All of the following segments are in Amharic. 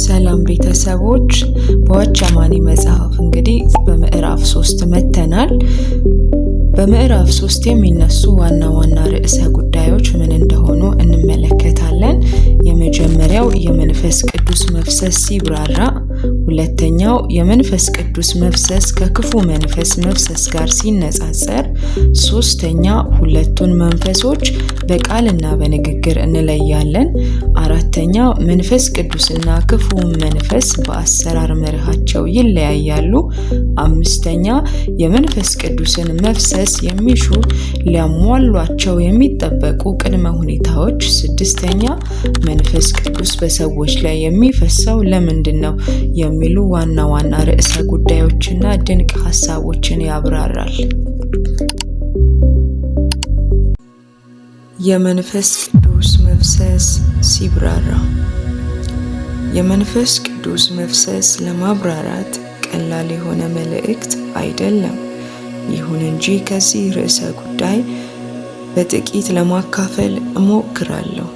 ሰላም ቤተሰቦች በዋቻማኒ መጽሐፍ እንግዲህ በምዕራፍ ሶስት መተናል። በምዕራፍ ሶስት የሚነሱ ዋና ዋና ርዕሰ ጉዳዮች ምን እንደሆኑ እንመለከታለን። የመጀመሪያው የመንፈስ ቅዱስ መፍሰስ ሲብራራ ሁለተኛው የመንፈስ ቅዱስ መፍሰስ ከክፉ መንፈስ መፍሰስ ጋር ሲነጻጸር፣ ሶስተኛ ሁለቱን መንፈሶች በቃልና በንግግር እንለያለን። አራተኛ መንፈስ ቅዱስና ክፉ መንፈስ በአሰራር መርሃቸው ይለያያሉ። አምስተኛ የመንፈስ ቅዱስን መፍሰስ የሚሹ ሊያሟሏቸው የሚጠበቁ ቅድመ ሁኔታዎች። ስድስተኛ መንፈስ ቅዱስ በሰዎች ላይ የሚፈሰው ለምንድን ነው? የሚሉ ዋና ዋና ርዕሰ ጉዳዮችና ድንቅ ሀሳቦችን ያብራራል። የመንፈስ ቅዱስ መፍሰስ ሲብራራ የመንፈስ ቅዱስ መፍሰስ ለማብራራት ቀላል የሆነ መልእክት አይደለም። ይሁን እንጂ ከዚህ ርዕሰ ጉዳይ በጥቂት ለማካፈል እሞክራለሁ።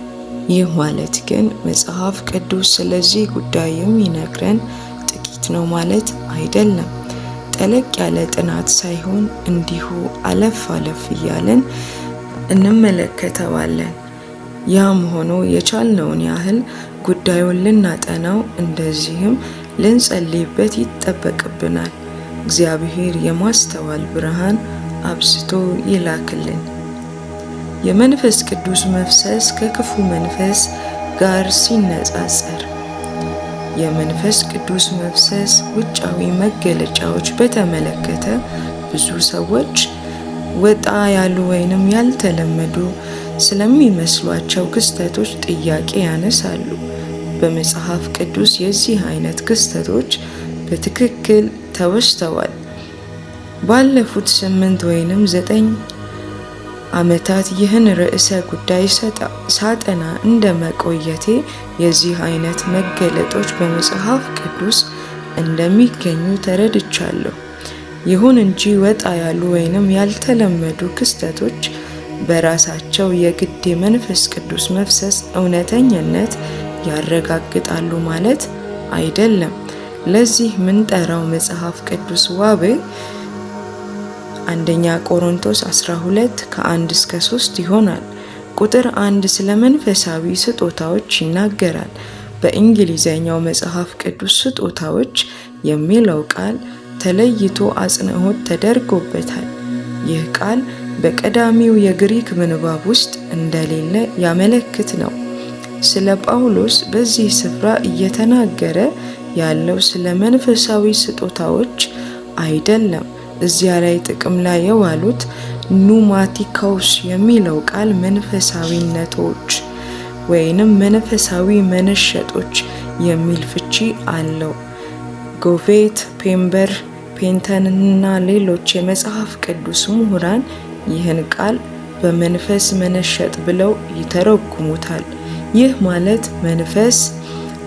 ይህ ማለት ግን መጽሐፍ ቅዱስ ስለዚህ ጉዳይም ይነግረን ነው ማለት አይደለም። ጠለቅ ያለ ጥናት ሳይሆን እንዲሁ አለፍ አለፍ እያለን እንመለከተዋለን። ያም ሆኖ የቻልነውን ያህል ጉዳዩን ልናጠናው እንደዚህም ልንጸልይበት ይጠበቅብናል። እግዚአብሔር የማስተዋል ብርሃን አብዝቶ ይላክልን። የመንፈስ ቅዱስ መፍሰስ ከክፉ መንፈስ ጋር ሲነጻጸር የመንፈስ ቅዱስ መፍሰስ ውጫዊ መገለጫዎች በተመለከተ ብዙ ሰዎች ወጣ ያሉ ወይንም ያልተለመዱ ስለሚመስሏቸው ክስተቶች ጥያቄ ያነሳሉ። በመጽሐፍ ቅዱስ የዚህ አይነት ክስተቶች በትክክል ተወስተዋል። ባለፉት ስምንት ወይንም ዘጠኝ ዓመታት ይህን ርዕሰ ጉዳይ ሳጠና እንደ መቆየቴ የዚህ አይነት መገለጦች በመጽሐፍ ቅዱስ እንደሚገኙ ተረድቻለሁ። ይሁን እንጂ ወጣ ያሉ ወይንም ያልተለመዱ ክስተቶች በራሳቸው የግድ የመንፈስ ቅዱስ መፍሰስ እውነተኝነት ያረጋግጣሉ ማለት አይደለም። ለዚህ ምንጠራው መጽሐፍ ቅዱስ ዋቤ አንደኛ ቆሮንቶስ 12 ከ1 እስከ 3 ይሆናል። ቁጥር አንድ ስለ መንፈሳዊ ስጦታዎች ይናገራል። በእንግሊዘኛው መጽሐፍ ቅዱስ ስጦታዎች የሚለው ቃል ተለይቶ አጽንዖት ተደርጎበታል። ይህ ቃል በቀዳሚው የግሪክ ምንባብ ውስጥ እንደሌለ ያመለክት ነው። ስለ ጳውሎስ በዚህ ስፍራ እየተናገረ ያለው ስለ መንፈሳዊ ስጦታዎች አይደለም። እዚያ ላይ ጥቅም ላይ የዋሉት ኑማቲካውስ የሚለው ቃል መንፈሳዊነቶች ወይንም መንፈሳዊ መነሸጦች የሚል ፍቺ አለው። ጎቬት፣ ፔምበር፣ ፔንተንና ሌሎች የመጽሐፍ ቅዱስ ምሁራን ይህን ቃል በመንፈስ መነሸጥ ብለው ይተረጉሙታል። ይህ ማለት መንፈስ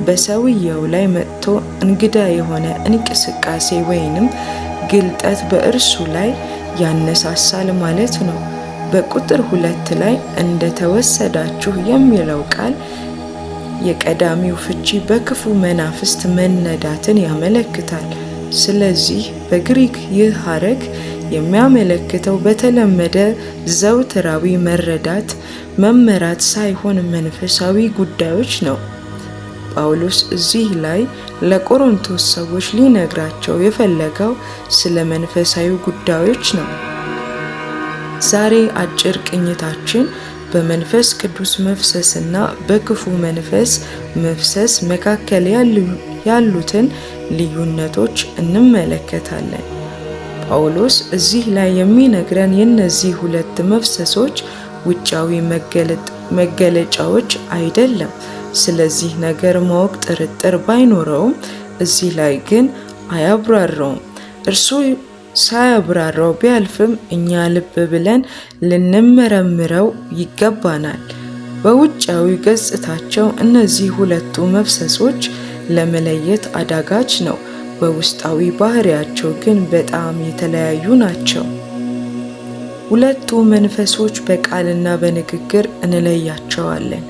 በሰውየው ላይ መጥቶ እንግዳ የሆነ እንቅስቃሴ ወይንም ግልጠት በእርሱ ላይ ያነሳሳል ማለት ነው። በቁጥር ሁለት ላይ እንደተወሰዳችሁ የሚለው ቃል የቀዳሚው ፍቺ በክፉ መናፍስት መነዳትን ያመለክታል። ስለዚህ በግሪክ ይህ ሐረግ የሚያመለክተው በተለመደ ዘውትራዊ መረዳት መመራት ሳይሆን መንፈሳዊ ጉዳዮች ነው። ጳውሎስ እዚህ ላይ ለቆሮንቶስ ሰዎች ሊነግራቸው የፈለገው ስለ መንፈሳዊ ጉዳዮች ነው። ዛሬ አጭር ቅኝታችን በመንፈስ ቅዱስ መፍሰስና በክፉ መንፈስ መፍሰስ መካከል ያሉትን ልዩነቶች እንመለከታለን። ጳውሎስ እዚህ ላይ የሚነግረን የእነዚህ ሁለት መፍሰሶች ውጫዊ መገለጫዎች አይደለም። ስለዚህ ነገር ማወቅ ጥርጥር ባይኖረውም እዚህ ላይ ግን አያብራራውም። እርሱ ሳያብራራው ቢያልፍም እኛ ልብ ብለን ልንመረምረው ይገባናል። በውጫዊ ገጽታቸው እነዚህ ሁለቱ መፍሰሶች ለመለየት አዳጋች ነው። በውስጣዊ ባህሪያቸው ግን በጣም የተለያዩ ናቸው። ሁለቱ መንፈሶች በቃልና በንግግር እንለያቸዋለን።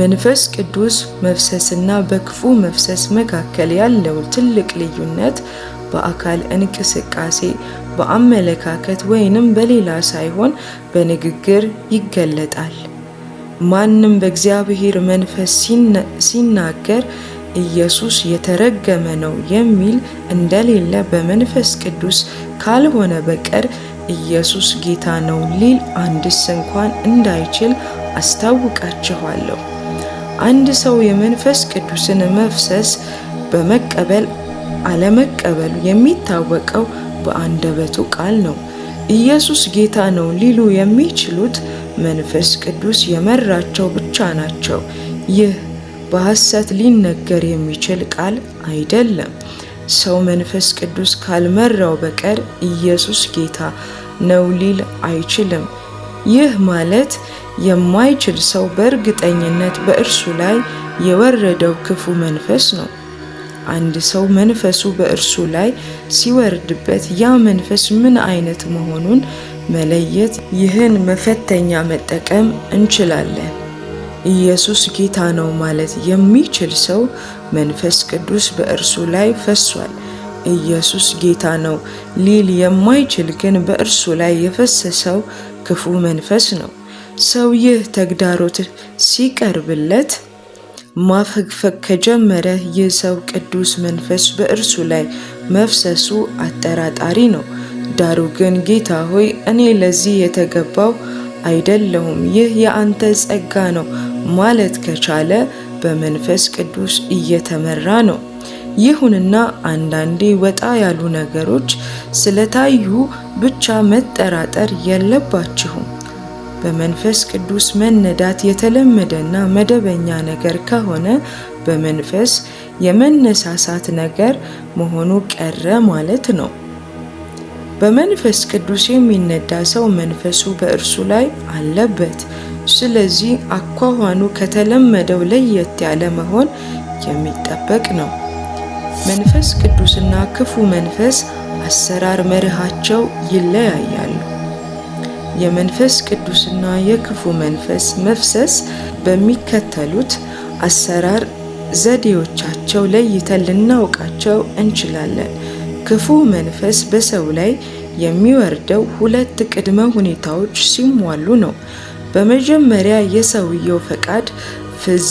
መንፈስ ቅዱስ መፍሰስና በክፉ መፍሰስ መካከል ያለው ትልቅ ልዩነት በአካል እንቅስቃሴ፣ በአመለካከት ወይንም በሌላ ሳይሆን በንግግር ይገለጣል። ማንም በእግዚአብሔር መንፈስ ሲናገር ኢየሱስ የተረገመ ነው የሚል እንደሌለ በመንፈስ ቅዱስ ካልሆነ በቀር ኢየሱስ ጌታ ነው ሊል አንድስ እንኳን እንዳይችል አስታውቃችኋለሁ። አንድ ሰው የመንፈስ ቅዱስን መፍሰስ በመቀበል አለመቀበሉ የሚታወቀው በአንደበቱ ቃል ነው። ኢየሱስ ጌታ ነው ሊሉ የሚችሉት መንፈስ ቅዱስ የመራቸው ብቻ ናቸው። ይህ በሐሰት ሊነገር የሚችል ቃል አይደለም። ሰው መንፈስ ቅዱስ ካልመራው በቀር ኢየሱስ ጌታ ነው ሊል አይችልም። ይህ ማለት የማይችል ሰው በእርግጠኝነት በእርሱ ላይ የወረደው ክፉ መንፈስ ነው። አንድ ሰው መንፈሱ በእርሱ ላይ ሲወርድበት ያ መንፈስ ምን አይነት መሆኑን መለየት ይህን መፈተኛ መጠቀም እንችላለን። ኢየሱስ ጌታ ነው ማለት የሚችል ሰው መንፈስ ቅዱስ በእርሱ ላይ ፈሷል። ኢየሱስ ጌታ ነው ሊል የማይችል ግን በእርሱ ላይ የፈሰሰው ክፉ መንፈስ ነው። ሰው ይህ ተግዳሮት ሲቀርብለት ማፈግፈግ ከጀመረ ይህ ሰው ቅዱስ መንፈስ በእርሱ ላይ መፍሰሱ አጠራጣሪ ነው። ዳሩ ግን ጌታ ሆይ እኔ ለዚህ የተገባው አይደለሁም፣ ይህ የአንተ ጸጋ ነው ማለት ከቻለ በመንፈስ ቅዱስ እየተመራ ነው። ይሁንና አንዳንዴ ወጣ ያሉ ነገሮች ስለታዩ ብቻ መጠራጠር የለባችሁም። በመንፈስ ቅዱስ መነዳት የተለመደና መደበኛ ነገር ከሆነ በመንፈስ የመነሳሳት ነገር መሆኑ ቀረ ማለት ነው። በመንፈስ ቅዱስ የሚነዳ ሰው መንፈሱ በእርሱ ላይ አለበት። ስለዚህ አኳኋኑ ከተለመደው ለየት ያለ መሆን የሚጠበቅ ነው። መንፈስ ቅዱስና ክፉ መንፈስ አሰራር መርሃቸው ይለያያሉ። የመንፈስ ቅዱስና የክፉ መንፈስ መፍሰስ በሚከተሉት አሰራር ዘዴዎቻቸው ለይተን ልናውቃቸው እንችላለን። ክፉ መንፈስ በሰው ላይ የሚወርደው ሁለት ቅድመ ሁኔታዎች ሲሟሉ ነው። በመጀመሪያ የሰውየው ፈቃድ ፍዝ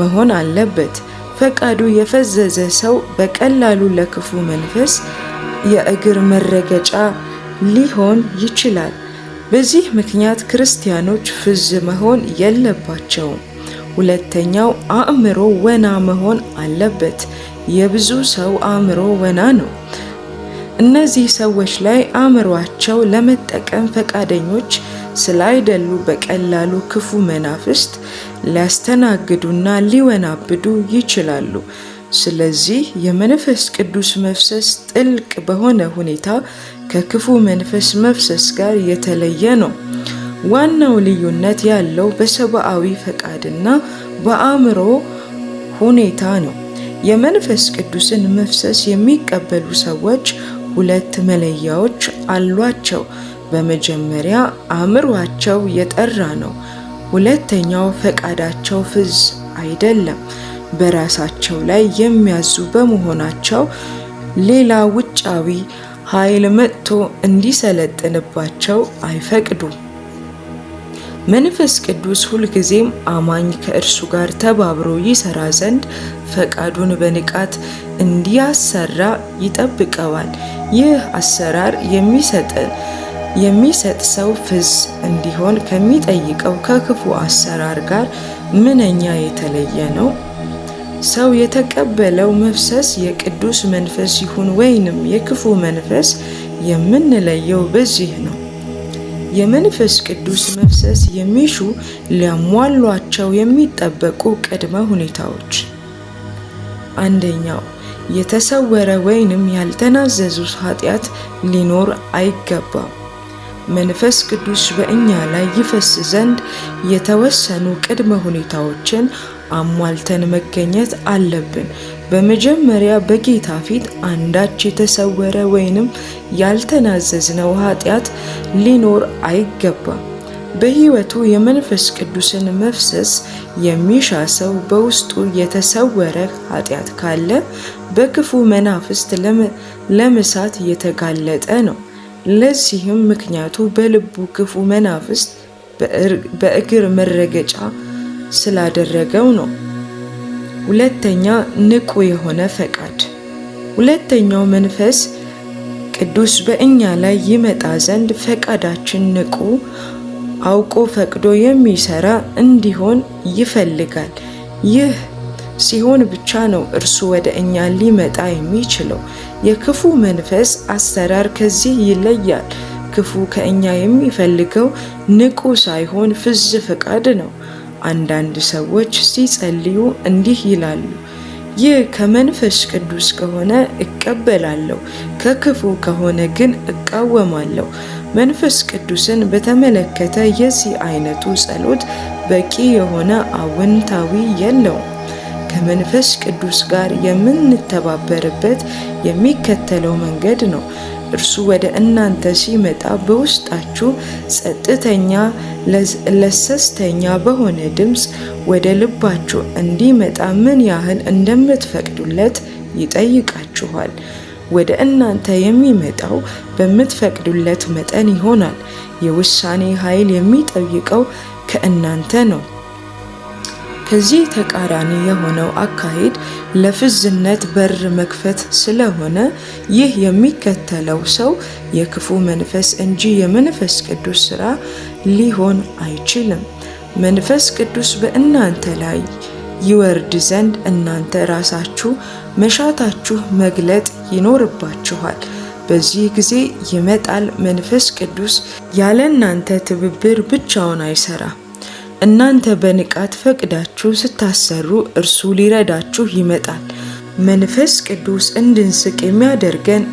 መሆን አለበት። ፈቃዱ የፈዘዘ ሰው በቀላሉ ለክፉ መንፈስ የእግር መረገጫ ሊሆን ይችላል። በዚህ ምክንያት ክርስቲያኖች ፍዝ መሆን የለባቸውም። ሁለተኛው አእምሮ ወና መሆን አለበት። የብዙ ሰው አእምሮ ወና ነው። እነዚህ ሰዎች ላይ አእምሯቸው ለመጠቀም ፈቃደኞች ስላይደሉ በቀላሉ ክፉ መናፍስት ሊያስተናግዱና ሊወናብዱ ይችላሉ። ስለዚህ የመንፈስ ቅዱስ መፍሰስ ጥልቅ በሆነ ሁኔታ ከክፉ መንፈስ መፍሰስ ጋር የተለየ ነው። ዋናው ልዩነት ያለው በሰብአዊ ፈቃድና በአእምሮ ሁኔታ ነው። የመንፈስ ቅዱስን መፍሰስ የሚቀበሉ ሰዎች ሁለት መለያዎች አሏቸው። በመጀመሪያ አእምሯቸው የጠራ ነው። ሁለተኛው ፈቃዳቸው ፍዝ አይደለም። በራሳቸው ላይ የሚያዙ በመሆናቸው ሌላ ውጫዊ ኃይል መጥቶ እንዲሰለጥንባቸው አይፈቅዱም። መንፈስ ቅዱስ ሁልጊዜም አማኝ ከእርሱ ጋር ተባብሮ ይሰራ ዘንድ ፈቃዱን በንቃት እንዲያሰራ ይጠብቀዋል። ይህ አሰራር የሚሰጥ የሚሰጥ ሰው ፍዝ እንዲሆን ከሚጠይቀው ከክፉ አሰራር ጋር ምንኛ የተለየ ነው። ሰው የተቀበለው መፍሰስ የቅዱስ መንፈስ ይሁን ወይንም የክፉ መንፈስ የምንለየው በዚህ ነው። የመንፈስ ቅዱስ መፍሰስ የሚሹ ሊያሟሏቸው የሚጠበቁ ቅድመ ሁኔታዎች፣ አንደኛው የተሰወረ ወይንም ያልተናዘዙ ኃጢአት ሊኖር አይገባም። መንፈስ ቅዱስ በእኛ ላይ ይፈስ ዘንድ የተወሰኑ ቅድመ ሁኔታዎችን አሟልተን መገኘት አለብን። በመጀመሪያ በጌታ ፊት አንዳች የተሰወረ ወይንም ያልተናዘዝነው ኃጢአት ሊኖር አይገባም። በሕይወቱ የመንፈስ ቅዱስን መፍሰስ የሚሻ ሰው በውስጡ የተሰወረ ኃጢአት ካለ በክፉ መናፍስት ለመሳት የተጋለጠ ነው። ለዚህም ምክንያቱ በልቡ ክፉ መናፍስት በእግር መረገጫ ስላደረገው ነው። ሁለተኛ ንቁ የሆነ ፈቃድ። ሁለተኛው መንፈስ ቅዱስ በእኛ ላይ ይመጣ ዘንድ ፈቃዳችን ንቁ አውቆ ፈቅዶ የሚሰራ እንዲሆን ይፈልጋል። ይህ ሲሆን ብቻ ነው እርሱ ወደ እኛ ሊመጣ የሚችለው። የክፉ መንፈስ አሰራር ከዚህ ይለያል። ክፉ ከእኛ የሚፈልገው ንቁ ሳይሆን ፍዝ ፈቃድ ነው። አንዳንድ ሰዎች ሲጸልዩ እንዲህ ይላሉ፣ ይህ ከመንፈስ ቅዱስ ከሆነ እቀበላለሁ፣ ከክፉ ከሆነ ግን እቃወማለሁ። መንፈስ ቅዱስን በተመለከተ የዚህ አይነቱ ጸሎት በቂ የሆነ አዎንታዊ የለውም። ከመንፈስ ቅዱስ ጋር የምንተባበርበት የሚከተለው መንገድ ነው። እርሱ ወደ እናንተ ሲመጣ በውስጣችሁ ጸጥተኛ፣ ለሰስተኛ በሆነ ድምፅ ወደ ልባችሁ እንዲመጣ ምን ያህል እንደምትፈቅዱለት ይጠይቃችኋል። ወደ እናንተ የሚመጣው በምትፈቅዱለት መጠን ይሆናል። የውሳኔ ኃይል የሚጠይቀው ከእናንተ ነው። ከዚህ ተቃራኒ የሆነው አካሄድ ለፍዝነት በር መክፈት ስለሆነ ይህ የሚከተለው ሰው የክፉ መንፈስ እንጂ የመንፈስ ቅዱስ ስራ ሊሆን አይችልም። መንፈስ ቅዱስ በእናንተ ላይ ይወርድ ዘንድ እናንተ ራሳችሁ መሻታችሁ መግለጥ ይኖርባችኋል። በዚህ ጊዜ ይመጣል። መንፈስ ቅዱስ ያለ እናንተ ትብብር ብቻውን አይሰራም። እናንተ በንቃት ፈቅዳችሁ ስታሰሩ እርሱ ሊረዳችሁ ይመጣል። መንፈስ ቅዱስ እንድንስቅ የሚያደርገን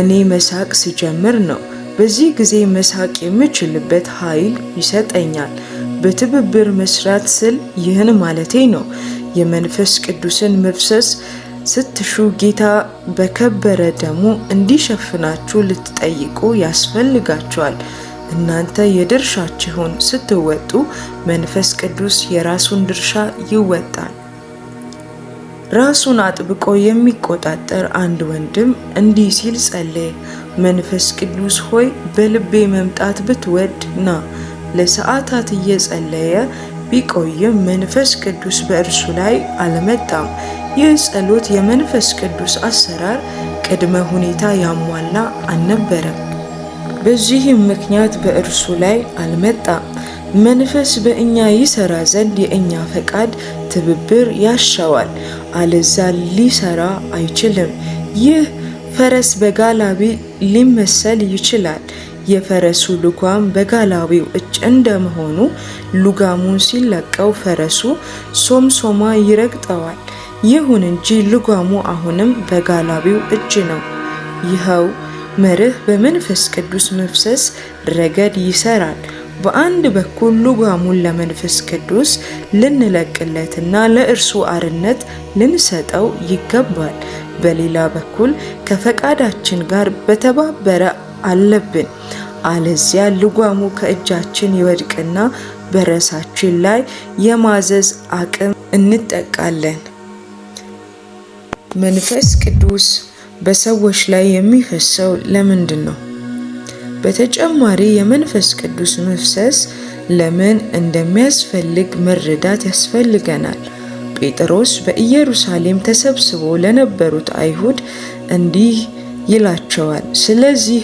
እኔ መሳቅ ስጀምር ነው። በዚህ ጊዜ መሳቅ የምችልበት ኃይል ይሰጠኛል። በትብብር መስራት ስል ይህን ማለቴ ነው። የመንፈስ ቅዱስን መፍሰስ ስትሹ ጌታ በከበረ ደሙ እንዲሸፍናችሁ ልትጠይቁ ያስፈልጋችኋል። እናንተ የድርሻችሁን ስትወጡ መንፈስ ቅዱስ የራሱን ድርሻ ይወጣል። ራሱን አጥብቆ የሚቆጣጠር አንድ ወንድም እንዲህ ሲል ጸለየ። መንፈስ ቅዱስ ሆይ በልቤ መምጣት ብትወድ ና። ለሰዓታት እየጸለየ ቢቆይም መንፈስ ቅዱስ በእርሱ ላይ አልመጣም። ይህ ጸሎት የመንፈስ ቅዱስ አሰራር ቅድመ ሁኔታ ያሟላ አልነበረም። በዚህም ምክንያት በእርሱ ላይ አልመጣም። መንፈስ በእኛ ይሰራ ዘንድ የእኛ ፈቃድ ትብብር ያሻዋል፣ አለዛ ሊሰራ አይችልም። ይህ ፈረስ በጋላቢ ሊመሰል ይችላል። የፈረሱ ልጓም በጋላቢው እጅ እንደመሆኑ ልጓሙን ሲለቀው ፈረሱ ሶምሶማ ይረግጠዋል። ይሁን እንጂ ልጓሙ አሁንም በጋላቢው እጅ ነው። ይኸው መርህ በመንፈስ ቅዱስ መፍሰስ ረገድ ይሰራል። በአንድ በኩል ልጓሙን ለመንፈስ ቅዱስ ልንለቅለትና ለእርሱ አርነት ልንሰጠው ይገባል። በሌላ በኩል ከፈቃዳችን ጋር በተባበረ አለብን። አለዚያ ልጓሙ ከእጃችን ይወድቅና በራሳችን ላይ የማዘዝ አቅም እንጠቃለን። መንፈስ ቅዱስ በሰዎች ላይ የሚፈሰው ለምንድን ነው? በተጨማሪ የመንፈስ ቅዱስ መፍሰስ ለምን እንደሚያስፈልግ መረዳት ያስፈልገናል። ጴጥሮስ በኢየሩሳሌም ተሰብስቦ ለነበሩት አይሁድ እንዲህ ይላቸዋል። ስለዚህ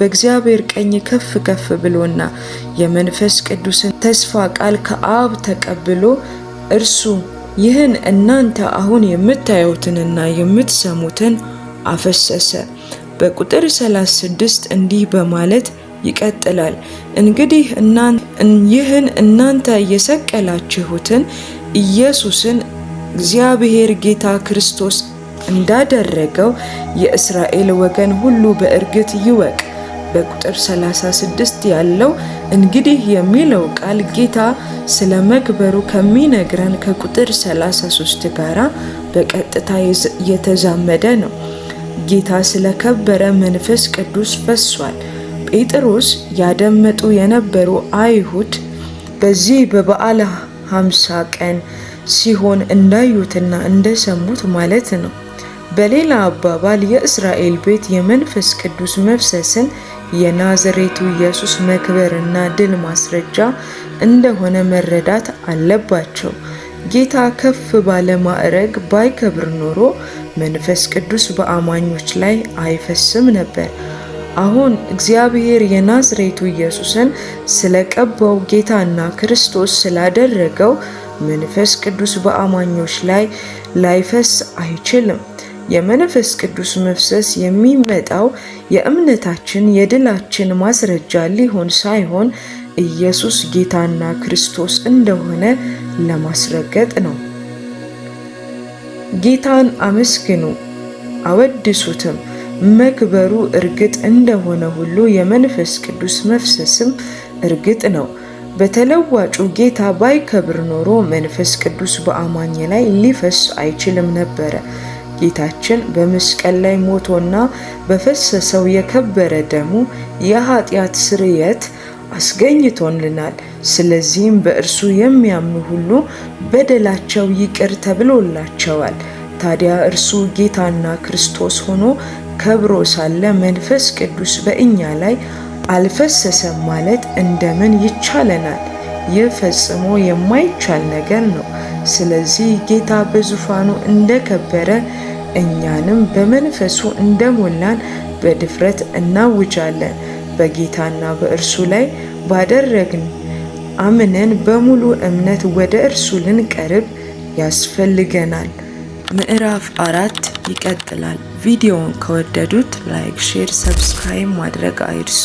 በእግዚአብሔር ቀኝ ከፍ ከፍ ብሎና የመንፈስ ቅዱስን ተስፋ ቃል ከአብ ተቀብሎ እርሱ ይህን እናንተ አሁን የምታዩትንና የምትሰሙትን አፈሰሰ። በቁጥር 36 እንዲህ በማለት ይቀጥላል። እንግዲህ ይህን እናንተ የሰቀላችሁትን ኢየሱስን እግዚአብሔር ጌታ ክርስቶስ እንዳደረገው የእስራኤል ወገን ሁሉ በእርግጥ ይወቅ። በቁጥር 36 ያለው እንግዲህ የሚለው ቃል ጌታ ስለ መክበሩ ከሚነግረን ከቁጥር 33 ጋራ በቀጥታ የተዛመደ ነው። ጌታ ስለ ከበረ መንፈስ ቅዱስ ፈሷል። ጴጥሮስ ያደመጡ የነበሩ አይሁድ በዚህ በበዓለ ሃምሳ ቀን ሲሆን እንዳዩትና እንደሰሙት ማለት ነው። በሌላ አባባል የእስራኤል ቤት የመንፈስ ቅዱስ መፍሰስን የናዝሬቱ ኢየሱስ መክበርና ድል ማስረጃ እንደሆነ መረዳት አለባቸው። ጌታ ከፍ ባለ ማዕረግ ባይከብር ኖሮ መንፈስ ቅዱስ በአማኞች ላይ አይፈስም ነበር። አሁን እግዚአብሔር የናዝሬቱ ኢየሱስን ስለቀባው ጌታና ክርስቶስ ስላደረገው መንፈስ ቅዱስ በአማኞች ላይ ላይፈስ አይችልም። የመንፈስ ቅዱስ መፍሰስ የሚመጣው የእምነታችን የድላችን ማስረጃ ሊሆን ሳይሆን ኢየሱስ ጌታና ክርስቶስ እንደሆነ ለማስረገጥ ነው። ጌታን አመስግኑ አወድሱትም፣ መክበሩ እርግጥ እንደሆነ ሁሉ የመንፈስ ቅዱስ መፍሰስም እርግጥ ነው። በተለዋጩ ጌታ ባይከብር ኖሮ መንፈስ ቅዱስ በአማኝ ላይ ሊፈስ አይችልም ነበረ። ጌታችን በመስቀል ላይ ሞቶና በፈሰሰው የከበረ ደሙ የኃጢአት ስርየት አስገኝቶልናል። ስለዚህም በእርሱ የሚያምኑ ሁሉ በደላቸው ይቅር ተብሎላቸዋል። ታዲያ እርሱ ጌታና ክርስቶስ ሆኖ ከብሮ ሳለ መንፈስ ቅዱስ በእኛ ላይ አልፈሰሰም ማለት እንደምን ይቻለናል? ይህ ፈጽሞ የማይቻል ነገር ነው። ስለዚህ ጌታ በዙፋኑ እንደከበረ እኛንም በመንፈሱ እንደሞላን በድፍረት እናውጃለን። በጌታና በእርሱ ላይ ባደረግን አምነን በሙሉ እምነት ወደ እርሱ ልንቀርብ ያስፈልገናል። ምዕራፍ አራት ይቀጥላል። ቪዲዮውን ከወደዱት ላይክ፣ ሼር፣ ሰብስክራይብ ማድረግ አይርሱ።